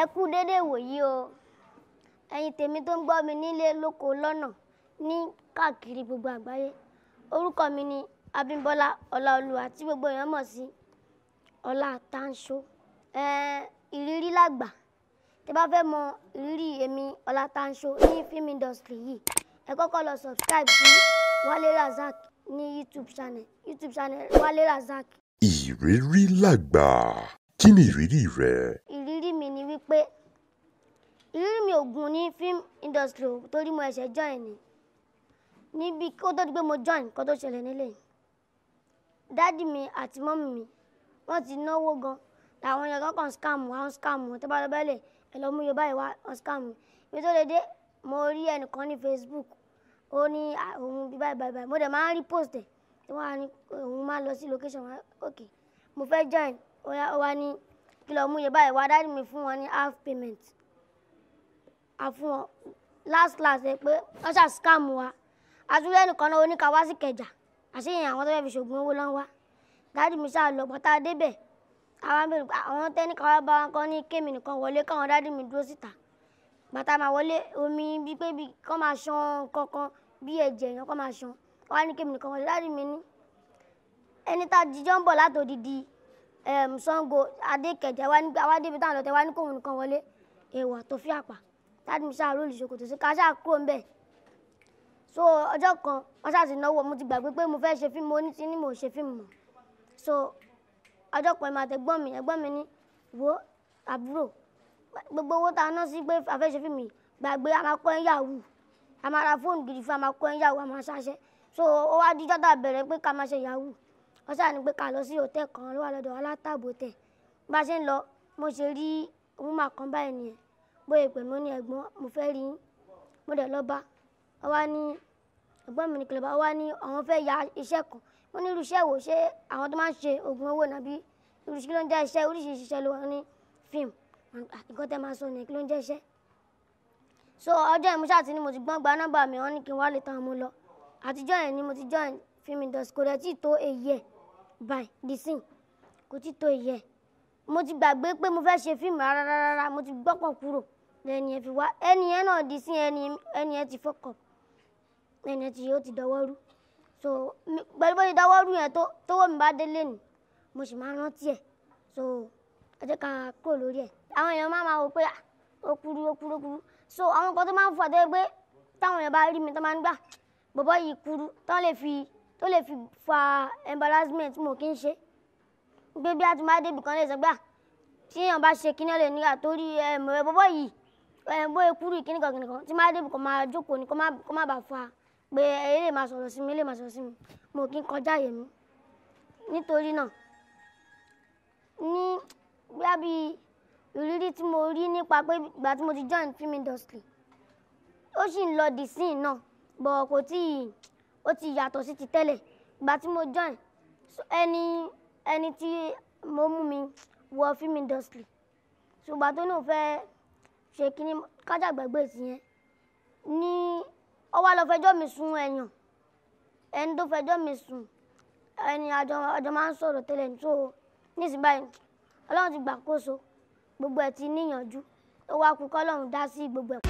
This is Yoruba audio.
ẹ kú déédéé wòyí o ẹ̀yin tèmi tó ń gbọ́ mi nílé lóko lọ́nà ní káàkiri gbogbo àgbáyé orúkọ mi ni Abímbọ́lá Ọláolúwa tí gbogbo èèyàn mọ̀ sí Ọlá Tanṣó ìrírí làgbà tẹ́ bá fẹ́ mọ ìrírí èmi Ọlá Tanṣó ní film industry yìí ẹ kọ́kọ́ lọ subscribe sí Wálé Razak ní YouTube channel YouTube channel Wálé Razak. ìrírí làgbà kí ni ìrírí rẹ ìrírí mi ò gùn ní film industry torí mo ẹ̀ṣẹ̀ join ni níbi kó tó di pé mo join kó tó ṣẹlẹ̀ nílé dáàdì mi àti mọ́mì mi wọ́n ti náwó gan làwọn yẹn kọ́kàn scam wọn scam wọn tó bá lọ bẹ́lẹ̀ ẹ̀ lọ́mú yorùbá ìwà wọn scam mi ibi tó lè dé mo rí ẹnìkan ní Facebook ó ní òun bí báyìí báyìí báyìí mo dẹ̀ máa ń rí post ẹ̀ tí wọ́n á ní òun máa lọ sí location wọn ok mo fẹ́ join ó wá ní kí lọ́ọ́ mú yorùbá ìwà dáàdì mi fún wọn ní half payment àfún ọ last class ẹ pé wọ́n ṣà scam wa àtúwẹ́ nìkan náà oníka wá sí kẹjà àṣeyàn àwọn tó fẹ́ fi ṣògùn owó lọ́n wá dáàdì mi ṣáà lọ pátá débẹ̀ àwọn mi àwọn tẹ́ni kan wá bá wọn kọ́ ní kémi nìkan wọlé káwọn dáàdì mi dúró síta bàtà máa wọlé omi bíi pé bíi kọ́ máa ṣan kankan bíi ẹ̀jẹ̀ yẹn kọ́ máa ṣan wọ́n á ní kémi nìkan wọlé dáàdì mi ní ẹni tá a jíjọ́ ń bọ̀ látòdìdí Ṣàngó adékẹ̀jẹ̀ wá níbi táwọn lọ́tẹ̀ wá ní kóhun nìkan wọlé èèwọ̀ tó fi àpà táàdì mi ṣáà róòlù ṣòkòtò sí ká ṣáà kúrò ńbẹ̀ so ọjọ́ kan wọ́n ṣáà ti náwó mo ti gbàgbé pé mo fẹ́ ṣe fíìmù ó ní ti ní mò ń ṣe fíìmù mọ́ so ọjọ́ kan ìmọ̀ àtẹ̀gbọ́n mi ẹ̀gbọ́n mi ní wo àbúrò gbogbo owó tá a ná sí pé a fẹ́ ṣe fíìmù gbàgbé a máa kọ́ ẹ́ yàwù a máa ra fóònù gidi fún a máa kọ́ ẹ́ yàwù a máa ṣàṣẹ so ó wá díjọ́ tá a bẹ̀rẹ̀ pé ká máa ṣe yàwù wọ́n ṣáà ní pé ká lọ sí hòtẹ́ẹ̀ kan ló wà lọ́dọ̀ bá a ṣe ń lọ mo ṣe rí òun máa báyìí nìyẹn bóyá ìpè mí ó ní ẹ̀gbọ́n mo fẹ́ rí yín mo dẹ̀ lọ bá ọ ní ẹ̀gbọ́n mi ní kí lọ ní àwọn fẹ́ ya iṣẹ́ kan ó ní irú iṣẹ́ wo ṣé àwọn tó máa ń ṣe oògùn owó nàbí irú kí ló ń jẹ́ iṣẹ́ oríṣiríṣi iṣẹ́ ló wà ní fíìmù nǹkan tẹ́ máa sọ ní kí ló ń jẹ́ iṣẹ́ so ọjọ́ ìmúṣà tí ni mo ti gbọ́n gba nọ́mbà mi wọ́n ní kí n wá lè tàn mo lọ àtijọ́ yẹn ni mo ti join film industry kò dẹ̀ tí ì tó a year by the scene kò tí ì tó a year mo ti gbàgbé pé mo fẹ́ ṣe fíìmù rárá rárá mo ti gbọ́kàn kúrò lẹ́ni ẹ fi wá ẹni ẹ náà di sí ẹni ẹni ẹ ti fọkàn ẹni ẹ ti yóò ti dọwọ́ so pẹ̀lú bó ti dọwọ́ rú yẹn tó tówó mi bá délé ni mo sì máa rántí ẹ̀ so ẹ jẹ́ ká kúrò lórí ẹ̀ àwọn èèyàn máa máa wò pé ó kúrú ó kúrú ó kúrú so àwọn nǹkan tó máa ń fò àtẹ́wé pé táwọn èèyàn bá rí mi tó máa ń gbà bọ̀bọ́ yìí kúrú tó lè fi tó lè fi fa embarrassment mo kì í ṣe gbé bí a ti máa débi kan lè sọ gbà tí èèyàn bá ṣe kíní ẹ̀ lè nígbà torí ẹ̀ mọ̀ ẹ̀ bọ̀bọ́ yìí bóyá kúrú ìkíní kan kìnìkan tí máa débi kò máa jókòó ni kò má bàa fa pé ẹ lè máa sọ̀rọ̀ sí mi ẹ lè máa sọ̀rọ̀ sí mi mo kì í kọjá mi nítorí náà ní bóyá bí ìrírí tí mo rí nípa pé ìgbà tí mo ti join film industry ó sì ń lọ di scene náà bọ̀ kò tí ì ó ti yàtọ̀ sí ti tẹ́lẹ̀ ìgbà tí mo join ẹni ẹni tí mo mú mi wọ film industry ṣùgbọ́n tó náà fẹ́ẹ́ ṣe kínní kájà gbàgbé sí yẹn ní ó wá lọ fẹjọ́ mi sùn ẹ̀yàn ẹni tó fẹjọ́ mi sun. ẹni àjọ àjọ máa ń sọ̀rọ̀ tẹ́lẹ̀ tó nísìnyí báyìí ọlọ́run ti gbàkóso gbogbo ẹ̀ ti níyànjú ó wá kú kọ́lọ́run dá sí gbogbo ẹ̀.